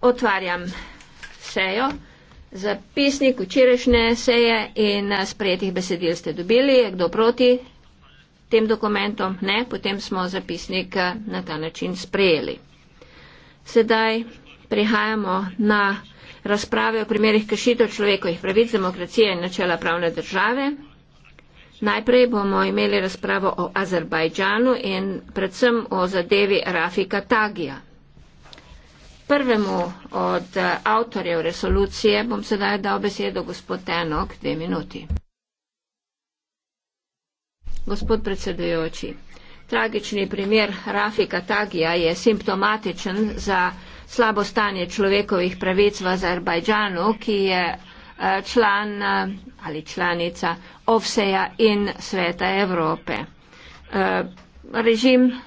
Otvarjam sejo. Zapisnik včerajšnje seje in eh, sprejetih besedil ste dobili. Je kdo proti tem dokumentom? Ne. Potem smo zapisnik eh, na ta način sprejeli. Sedaj prihajamo na razprave o primerih kršitev človekovih pravic, demokracije in načela pravne države. Najprej bomo imeli razpravo o Azerbajdžanu in predvsem o zadevi Rafika Tagija. Prvemu od eh, avtorjev resolucije bom sedaj dal besedo gospod Tenok, dve minuti. Gospod predsedujoči, tragični primer Rafika Tagija je simptomatičen za slabo stanje človekovih pravic v Azerbajdžanu, ki je Eh, član eh, ali članica OVSEJA in Sveta Evrope. Eh, režim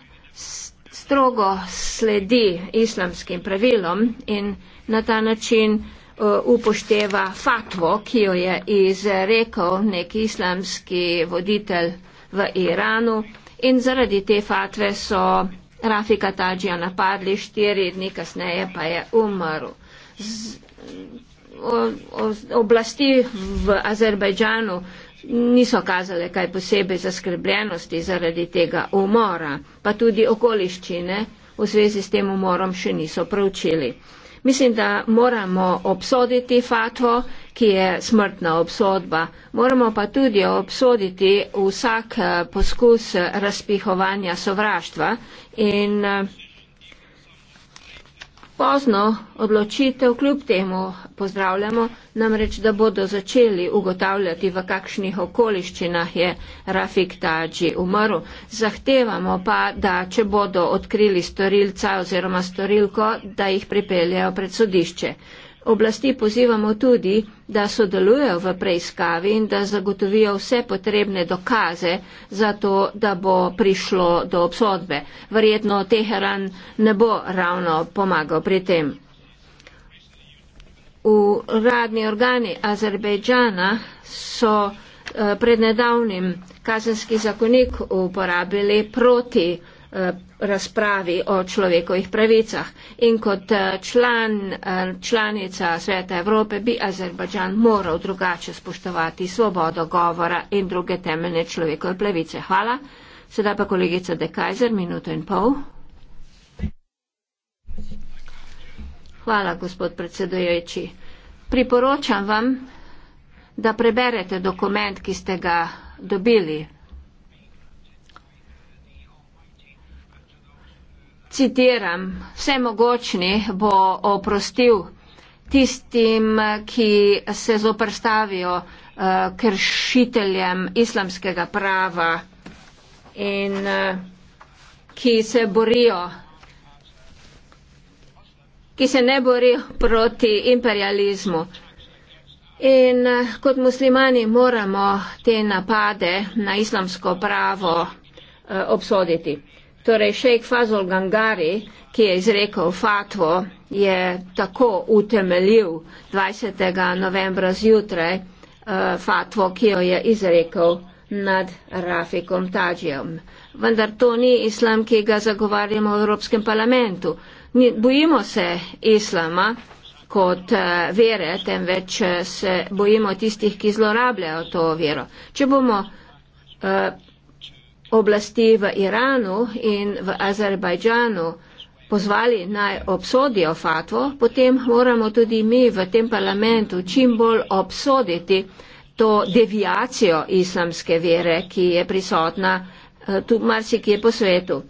strogo sledi islamskim pravilom in na ta način upošteva fatvo, ki jo je izrekel nek islamski voditelj v Iranu in zaradi te fatve so Rafika Tadžija napadli, štiri dni kasneje pa je umrl. Z, oblasti v Azerbajdžanu niso kazale kaj posebej zaskrbljenosti zaradi tega umora, pa tudi okoliščine v zvezi s tem umorom še niso pravčili. Mislim, da moramo obsoditi fatvo, ki je smrtna obsodba. Moramo pa tudi obsoditi vsak eh, poskus razpihovanja sovraštva in uh, Pozno obločitev kljub temu pozdravljamo, namreč da bodo začeli ugotavljati, v kakšnih okoliščinah je Rafik Taji umrl. Zahtevamo pa, da če bodo odkrili storilca oziroma storilko, da jih pripeljejo pred sodišče. Oblasti pozivamo tudi, da sodelujejo v preiskavi in da zagotovijo vse potrebne dokaze za to, da bo prišlo do obsodbe. Verjetno Teheran ne bo ravno pomagal pri tem. Uradni organi Azerbejdžana so eh, pred nedavnim kazenski zakonik uporabili proti Eh, razpravi o človekovih pravicah. In kot eh, član, eh, članica Sveta Evrope bi Azerbajdžan moral drugače spoštovati svobodo govora in druge temeljne človekove pravice. Hvala. Sedaj pa kolegica De Kajzer, minuto in pol. Hvala, gospod predsedujoči. Priporočam vam, da preberete dokument, ki ste ga dobili citiram, vsemogočni bo oprostil tistim, ki se zoprstavijo uh, kršiteljem islamskega prava in uh, ki se borijo ki se ne borijo proti imperializmu. In eh, kot muslimani moramo te napade na islamsko pravo eh, obsoditi. Torej, šejk Fazol Gangari, ki je izrekel fatvo, je tako utemeljil 20. novembra zjutraj uh, fatvo, ki jo je izrekel nad Rafikom Tađijem. Vendar to ni islam, ki ga zagovarjamo v Evropskem parlamentu. Ni, bojimo se islama kot uh, vere, temveč eh, se bojimo tistih, ki zlorabljajo to vero. Če bomo uh, oblasti v Iranu in v Azerbajdžanu pozvali naj obsodijo fatvo, potem moramo tudi mi v tem parlamentu čim bolj obsoditi to deviacijo islamske vere, ki je prisotna eh, tu marsikje po svetu.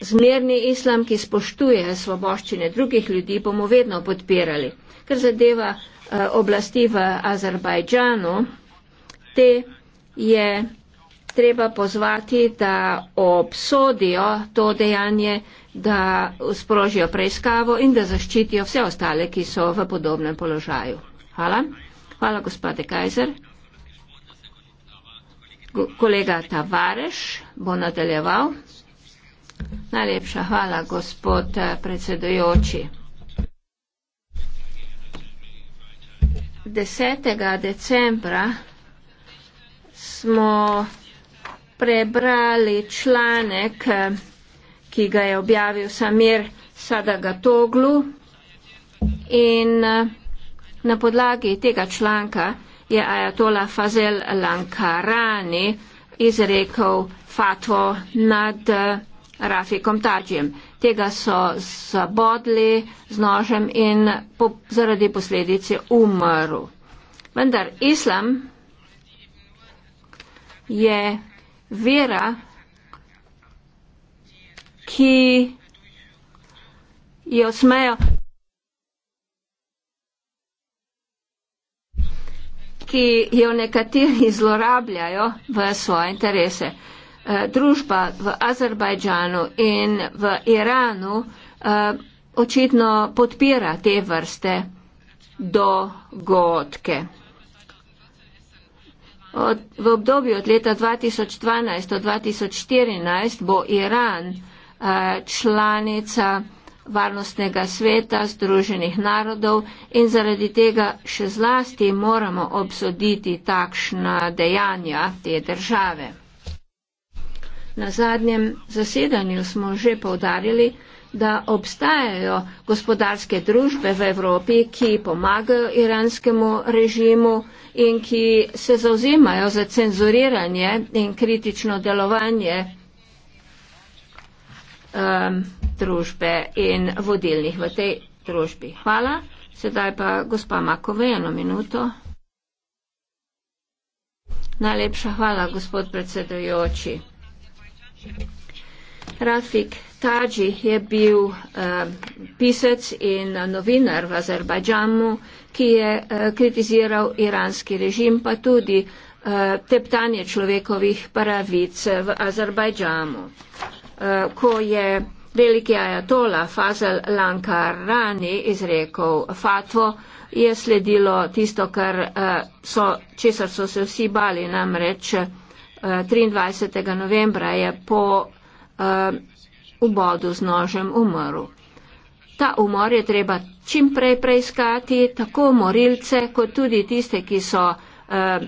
Zmerni islam, ki spoštuje svoboščine drugih ljudi, bomo vedno podpirali. Kar zadeva eh, oblasti v Azerbajdžanu, te je treba pozvati, da obsodijo to dejanje, da sprožijo preiskavo in da zaščitijo vse ostale, ki so v podobnem položaju. Hvala. Hvala, gospode Kajzer. Kolega Tavareš bo nadaljeval. Najlepša hvala, gospod predsedujoči. 10. decembra smo prebrali članek, ki ga je objavil Samir Sadagatoglu in na podlagi tega članka je ajatola Fazel Lankarani izrekel fatvo nad Rafikom Tadžjem. Tega so zabodli z nožem in po, zaradi posledice umrl. Vendar islam je vera, ki jo smejo, ki jo nekateri zlorabljajo v svoje interese. Eh, družba v Azerbajdžanu in v Iranu eh, očitno podpira te vrste dogodke. Od, v obdobju od leta 2012 do 2014 bo Iran eh, članica varnostnega sveta Združenih narodov in zaradi tega še zlasti moramo obsoditi takšna dejanja te države. Na zadnjem zasedanju smo že povdarili, da obstajajo gospodarske družbe v Evropi, ki pomagajo iranskemu režimu in ki se zauzemajo za cenzuriranje in kritično delovanje um, družbe in vodilnih v tej družbi. Hvala. Sedaj pa gospa Makove, eno minuto. Najlepša hvala, gospod predsedujoči. Rafik Taji je bil uh, pisec in novinar v Azerbajdžanu, ki je uh, kritiziral iranski režim, pa tudi uh, teptanje človekovih pravic v Azerbajdžanu. Uh, ko je veliki ajatola Fazel Lankarani izrekel fatvo, je sledilo tisto, kar, uh, so, česar so se vsi bali, namreč uh, 23. novembra je po uh, v bodu z nožem umrl. Ta umor je treba čim prej preiskati, tako morilce, kot tudi tiste, ki so eh,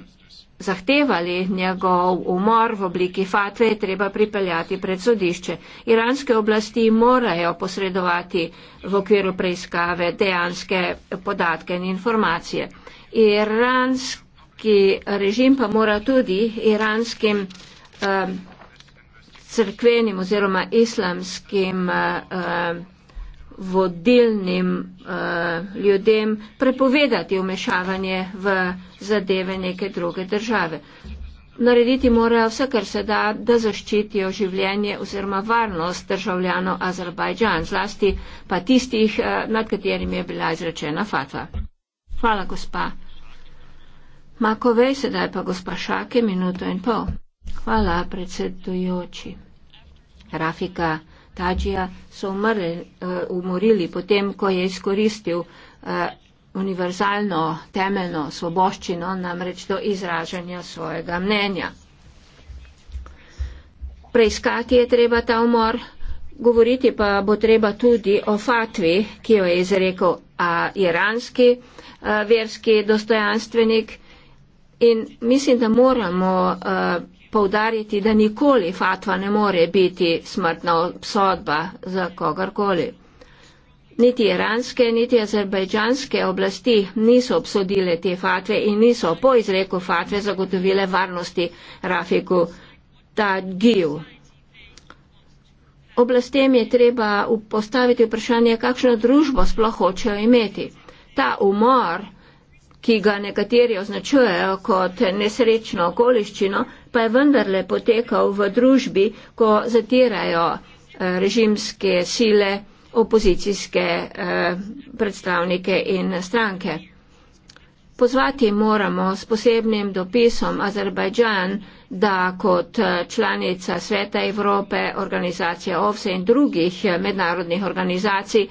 zahtevali njegov umor v obliki fatve, je treba pripeljati pred sodišče. Iranske oblasti morajo posredovati v okviru preiskave dejanske podatke in informacije. Iranski režim pa mora tudi iranskim eh, crkvenim oziroma islamskim uh, vodilnim uh, ljudem prepovedati umešavanje v zadeve neke druge države. Narediti morajo vse, kar se da, da zaščitijo življenje oziroma varnost državljanov Azerbajdžan, zlasti pa tistih, nad katerimi je bila izrečena fatva. Hvala, gospa. Makovej, sedaj pa gospa Šake, minuto in pol. Hvala, predsedujoči. Rafika Tađija so umrli, uh, umorili potem, ko je izkoristil uh, univerzalno temeljno svoboščino, namreč do izražanja svojega mnenja. Preiskati je treba ta umor, govoriti pa bo treba tudi o fatvi, ki jo je izrekel iranski uh, verski dostojanstvenik. In mislim, da moramo. Uh, poudariti, da nikoli fatva ne more biti smrtna obsodba za kogarkoli. Niti iranske, niti azerbajdžanske oblasti niso obsodile te fatve in niso po izreku fatve zagotovile varnosti Rafiku Tadgiju. Oblastem je treba postaviti vprašanje, kakšno družbo sploh hočejo imeti. Ta umor ki ga nekateri označujejo kot nesrečno okoliščino, pa je vendarle potekal v družbi, ko zatirajo eh, režimske sile, opozicijske eh, predstavnike in stranke. Pozvati moramo s posebnim dopisom Azerbajdžan, da kot eh, članica Sveta Evrope, organizacije OVSE in drugih mednarodnih organizacij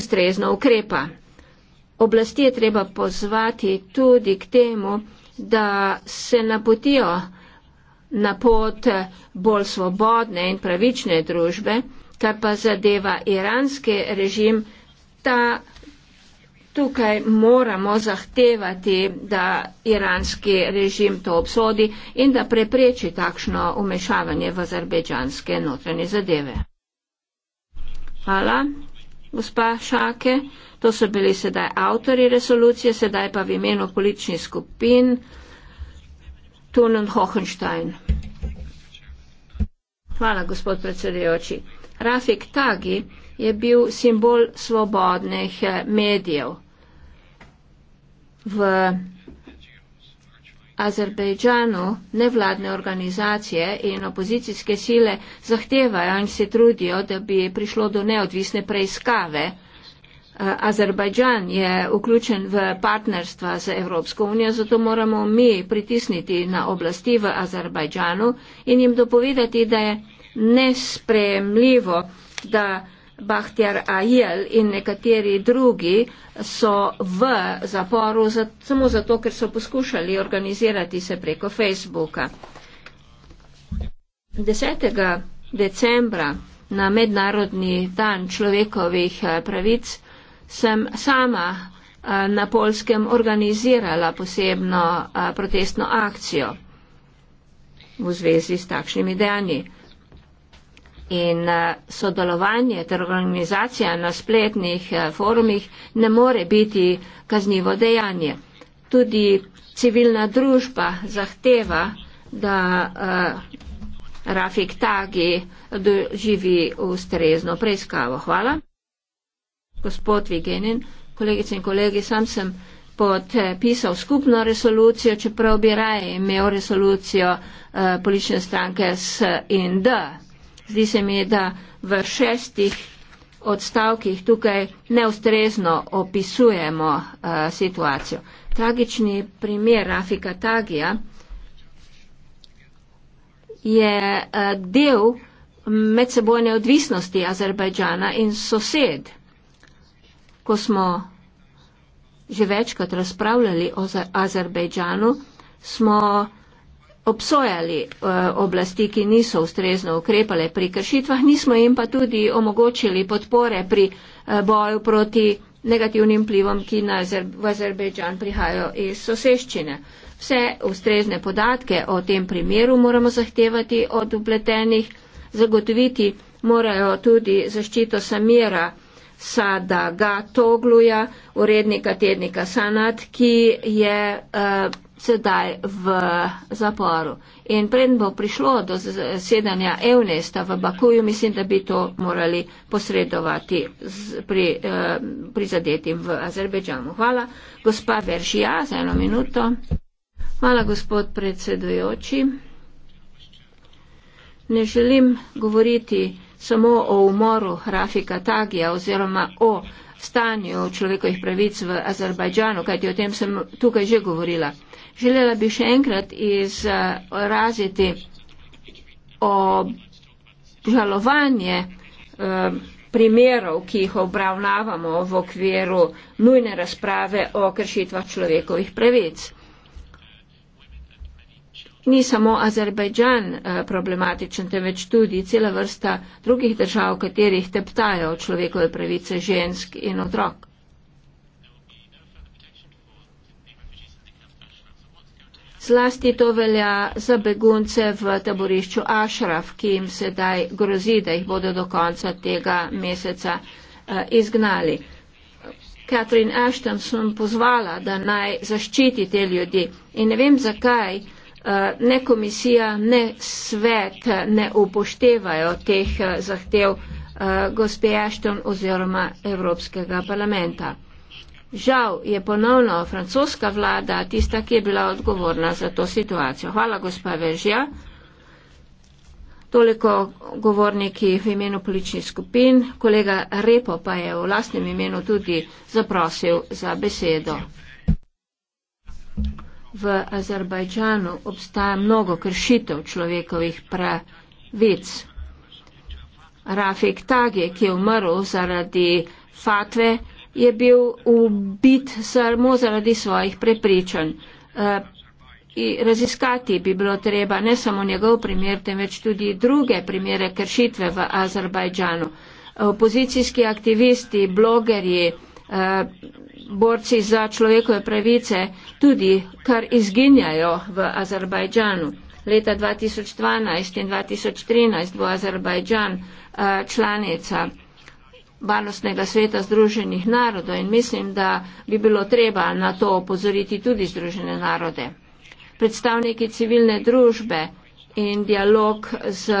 ustrezno ukrepa oblasti je treba pozvati tudi k temu, da se napotijo na pot bolj svobodne in pravične družbe, kar pa zadeva iranski režim, ta tukaj moramo zahtevati, da iranski režim to obsodi in da prepreči takšno umešavanje v azerbejdžanske notranje zadeve. Hvala gospa Šake, to so bili sedaj avtori resolucije, sedaj pa v imenu političnih skupin Tun und Hohenstein. Hvala, gospod predsedujoči. Rafik Tagi je bil simbol svobodnih eh, medijev v Azerbejdžanu nevladne organizacije in opozicijske sile zahtevajo in se trudijo, da bi prišlo do neodvisne preiskave. Eh, Azerbajdžan je vključen v partnerstva z Evropsko unijo, zato moramo mi pritisniti na oblasti v Azerbajdžanu in jim dopovedati, da je nespremljivo, da Bahtjar Ajel in nekateri drugi so v zaporu za, samo zato, ker so poskušali organizirati se preko Facebooka. 10. decembra na mednarodni dan človekovih eh, pravic sem sama eh, na polskem organizirala posebno eh, protestno akcijo v zvezi s takšnimi dejanji in eh, sodelovanje ter organizacija na spletnih eh, forumih ne more biti kaznivo dejanje. Tudi civilna družba zahteva, da uh, Rafik Tagi doživi ustrezno preiskavo. Hvala. Gospod Vigenin, kolegice in kolegi, sam sem podpisal skupno resolucijo, čeprav bi raje imel resolucijo uh, politične stranke S in D zdi se mi, da v šestih odstavkih tukaj neustrezno opisujemo uh, situacijo. Tragični primer Rafika Tagija je uh, del medsebojne odvisnosti Azerbajdžana in sosed. Ko smo že večkrat razpravljali o Azerbajdžanu, smo obsojali eh, oblasti, ki niso ustrezno ukrepale pri kršitvah, nismo jim pa tudi omogočili podpore pri eh, boju proti negativnim plivom, ki na Azer v Azerbejdžan prihajajo iz soseščine. Vse ustrezne podatke o tem primeru moramo zahtevati od upletenih, zagotoviti morajo tudi zaščito Samira Sadaga Togluja, urednika tednika Sanat, ki je uh, sedaj v zaporu. In preden bo prišlo do zasedanja Evnesta v Bakuju, mislim, da bi to morali posredovati z, pri, eh, pri zadetim v Azerbejdžanu. Hvala, gospa Veržija, za eno minuto. Hvala, gospod predsedujoči. Ne želim govoriti samo o umoru Rafika Tagija oziroma o stanju človekovih pravic v Azerbajdžanu, kajti o tem sem tukaj že govorila. Želela bi še enkrat izraziti obžalovanje eh, primerov, ki jih obravnavamo v okviru nujne razprave o kršitvah človekovih pravic. Ni samo Azerbajdžan eh, problematičen, temveč tudi cela vrsta drugih držav, v katerih teptajo človekove pravice žensk in otrok. Zlasti to velja za begunce v taborišču Ašraf, ki jim sedaj grozi, da jih bodo do konca tega meseca eh, izgnali. Catherine Ashton sem pozvala, da naj zaščiti te ljudi in ne vem zakaj eh, ne komisija, ne svet ne upoštevajo teh eh, zahtev gospe Ashton oziroma Evropskega parlamenta. Žal je ponovno francoska vlada tista, ki je bila odgovorna za to situacijo. Hvala, gospa Vežja. Toliko govorniki v imenu političnih skupin. Kolega Repo pa je v lastnem imenu tudi zaprosil za besedo. V Azerbajdžanu obstaja mnogo kršitev človekovih pravic. Rafik Tage, ki je umrl zaradi fatve, je bil ubit samo zaradi svojih prepričanj. Eh, raziskati bi bilo treba ne samo njegov primer, temveč tudi druge primere kršitve v Azerbajdžanu. Opozicijski aktivisti, blogerji, eh, borci za človekove pravice tudi kar izginjajo v Azerbajdžanu. Leta 2012 in 2013 bo Azerbajdžan eh, članica varnostnega sveta Združenih narodov in mislim, da bi bilo treba na to opozoriti tudi Združene narode. Predstavniki civilne družbe in dialog z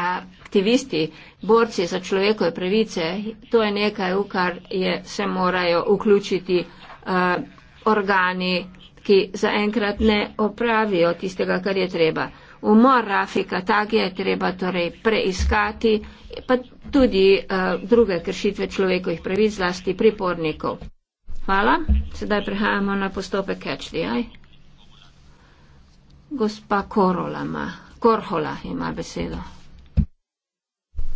aktivisti, borci za človekove pravice, to je nekaj, v kar je, se morajo vključiti uh, organi, ki zaenkrat ne opravijo tistega, kar je treba. Umor Rafika Tagi je treba torej preiskati, pa tudi uh, druge kršitve človekovih pravic, zlasti pripornikov. Hvala. Sedaj prehajamo na postopek Catchley. Gospa Korolama. Korhola ima besedo.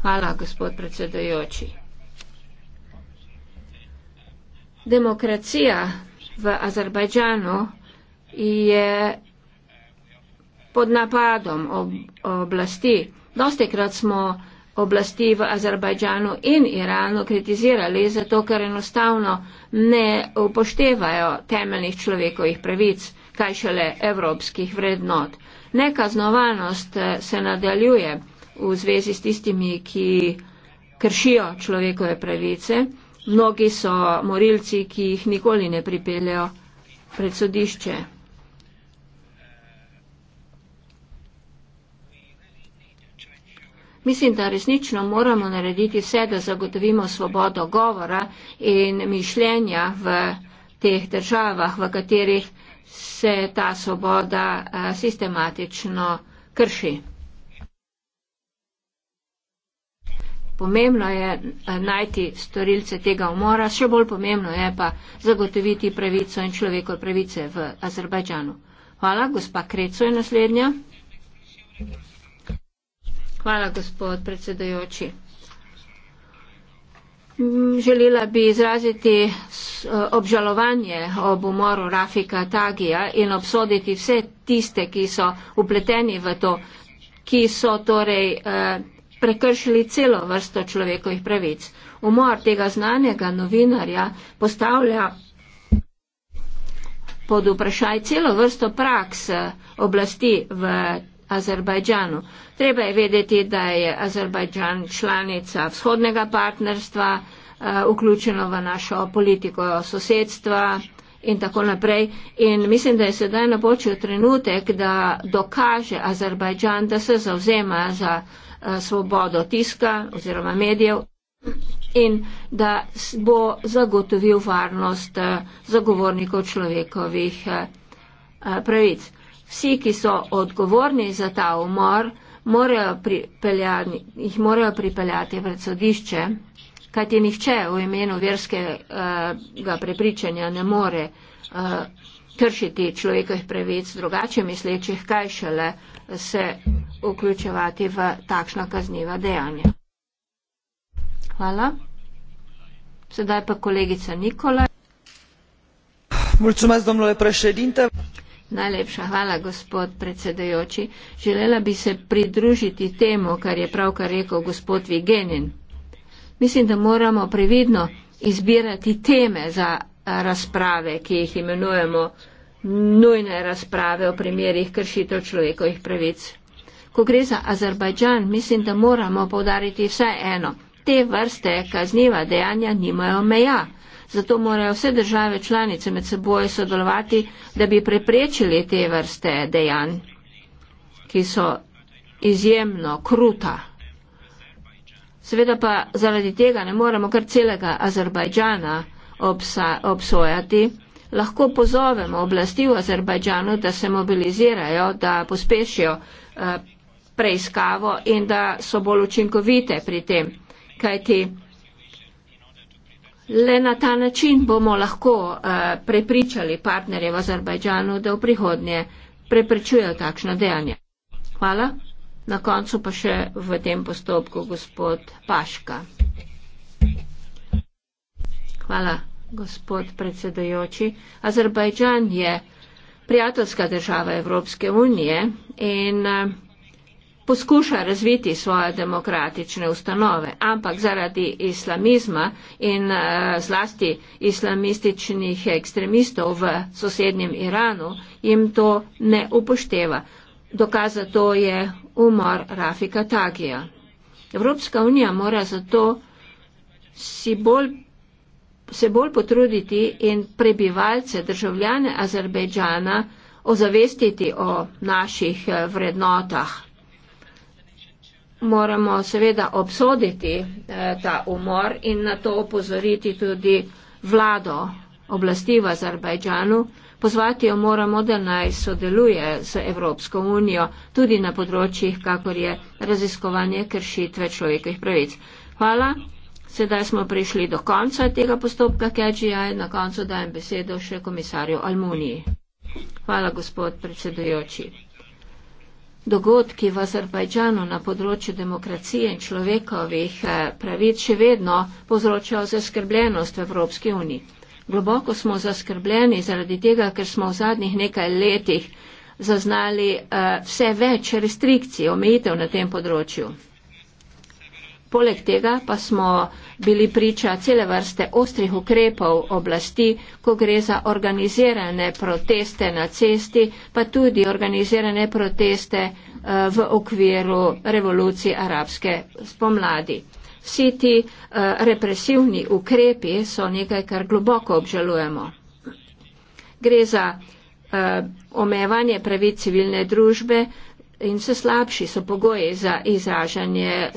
Hvala, gospod predsedujoči. Demokracija v Azerbajdžanu je pod napadom ob, oblasti. Dostekrat smo oblasti v Azerbajdžanu in Iranu kritizirali, zato ker enostavno ne upoštevajo temeljnih človekovih pravic, kaj šele evropskih vrednot. Nekaznovanost eh, se nadaljuje v zvezi s tistimi, ki kršijo človekove pravice. Mnogi so morilci, ki jih nikoli ne pripeljajo pred sodišče. Mislim, da resnično moramo narediti vse, da zagotovimo svobodo govora in mišljenja v teh državah, v katerih se ta svoboda eh, sistematično krši. Pomembno je eh, najti storilce tega umora, še bolj pomembno je pa zagotoviti pravico in človeko pravice v Azerbajdžanu. Hvala, gospa Kreco je naslednja. Thank you. Hvala, gospod predsedujoči. Želela bi izraziti e, obžalovanje ob umoru Rafika Tagija in obsoditi vse tiste, ki so upleteni v to, ki so torej e, prekršili celo vrsto človekovih pravic. Umor tega znanega novinarja postavlja pod vprašaj celo vrsto praks e, oblasti v Azerbajdžanu. Treba je vedeti, da je Azerbajdžan članica vzhodnega partnerstva, eh, vključeno v našo politiko sosedstva in tako naprej. In mislim, da je sedaj napočil trenutek, da dokaže Azerbajdžan, da se zauzema za eh, svobodo tiska oziroma medijev in da bo zagotovil varnost eh, zagovornikov človekovih pravic vsi, ki so odgovorni za ta umor, morajo jih morajo pripeljati pred sodišče, kajti nihče v imenu verskega prepričanja ne more eh, kršiti človekovih pravic drugače mislečih, kaj šele se vključevati v takšna kazniva dejanja. Hvala. Sedaj pa kolegica Nikola. Mulțumesc, domnule președinte. Najlepša hvala, gospod predsedajoči. Želela bi se pridružiti temu, kar je pravkar rekel gospod Vigenin. Mislim, da moramo previdno izbirati teme za razprave, ki jih imenujemo nujne razprave o primerih kršitev človekovih pravic. Ko gre za Azerbajdžan, mislim, da moramo povdariti vse eno. Te vrste kazniva dejanja nimajo meja zato morajo vse države članice med seboj sodelovati, da bi preprečili te vrste dejanj, ki so izjemno kruta. Seveda pa zaradi tega ne moremo kar celega Azerbajdžana obsojati. Lahko pozovemo oblasti v Azerbajdžanu, da se mobilizirajo, da pospešijo eh, preiskavo in da so bolj učinkovite pri tem. Kajti Le na ta način bomo lahko uh, prepričali partnerje v Azerbajdžanu, da v prihodnje preprečujejo takšno dejanje. Hvala. Na koncu pa še v tem postopku gospod Paška. Hvala, gospod predsedujoči. Azerbajdžan je prijateljska država Evropske unije in uh, poskuša razviti svoje demokratične ustanove, ampak zaradi islamizma in eh, zlasti islamističnih ekstremistov v sosednjem Iranu jim to ne upošteva. Dokaz za to je umor Rafika Tagija. Evropska unija mora zato si bolj se bolj potruditi in prebivalce, državljane Azerbejdžana ozavestiti o naših eh, vrednotah moramo seveda obsoditi eh, ta umor in na to upozoriti tudi vlado oblasti v Azerbajdžanu. Pozvati jo moramo, da naj sodeluje z Evropsko unijo tudi na področjih, kakor je raziskovanje kršitve človekovih pravic. Hvala. Sedaj smo prišli do konca tega postopka KGI. Na koncu dajem besedo še komisarju Almuniji. Hvala, gospod predsedujoči dogodki v Azerbajdžanu na področju demokracije in človekovih eh, pravic še vedno povzročajo zaskrbljenost v Evropski uniji. Globoko smo zaskrbljeni zaradi tega, ker smo v zadnjih nekaj letih zaznali eh, vse več restrikcij, omejitev na tem področju. Poleg tega pa smo bili priča cele vrste ostrih ukrepov oblasti, ko gre za organizirane proteste na cesti, pa tudi organizirane proteste eh, v okviru revolucije arabske spomladi. Vsi ti eh, represivni ukrepi so nekaj, kar globoko obžalujemo. Gre za eh, omejevanje pravic civilne družbe, in vse slabši so pogoji za izražanje eh,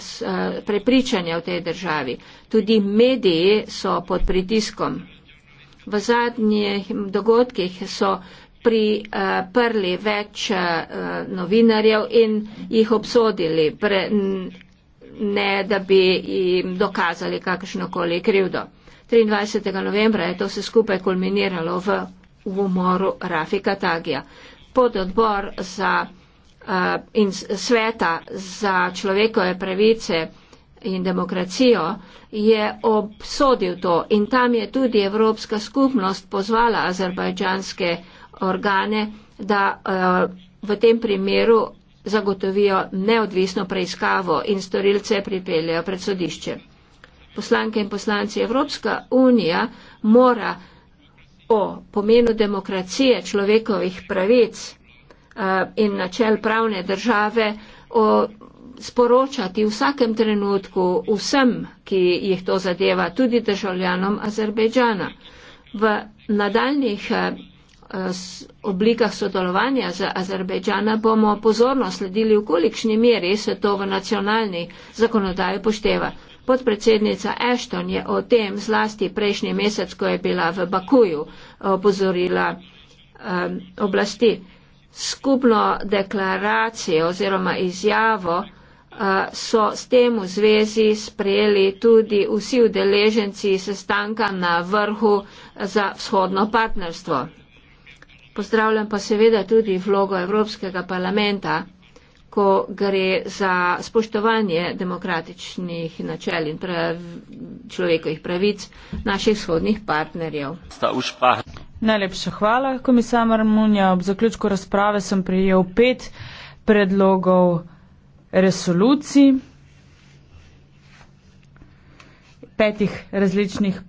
prepričanja v tej državi. Tudi mediji so pod pritiskom. V zadnjih dogodkih so priprli eh, več eh, novinarjev in jih obsodili, pre, ne da bi jim dokazali kakšnokoli krivdo. 23. novembra je to vse skupaj kulminiralo v, v umoru Rafika Tagija. Pod odbor za Eh, in sveta za človekove pravice in demokracijo je obsodil to in tam je tudi Evropska skupnost pozvala azerbajdžanske organe, da eh, v tem primeru zagotovijo neodvisno preiskavo in storilce pripeljejo pred sodišče. Poslanke in poslanci Evropska unija mora o pomenu demokracije, človekovih pravic, Eh, in načel pravne države sporočati v vsakem trenutku vsem, ki jih to zadeva, tudi državljanom Azerbejdžana. V nadaljnih eh, eh, oblikah sodelovanja z Azerbejdžana bomo pozorno sledili, v kolikšni meri se to v nacionalni zakonodaji pošteva. Podpredsednica Ashton je o tem zlasti prejšnji mesec, ko je bila v Bakuju, opozorila um, oblasti skupno deklaracijo oziroma izjavo eh, so s tem v zvezi sprejeli tudi vsi udeleženci sestanka na vrhu za vzhodno partnerstvo. Pozdravljam pa seveda tudi vlogo Evropskega parlamenta ko gre za spoštovanje demokratičnih načel in prav, človekovih pravic naših shodnih partnerjev. Najlepša hvala, komisar Marmunja. Ob zaključku razprave sem prijel pet predlogov resolucij, petih različnih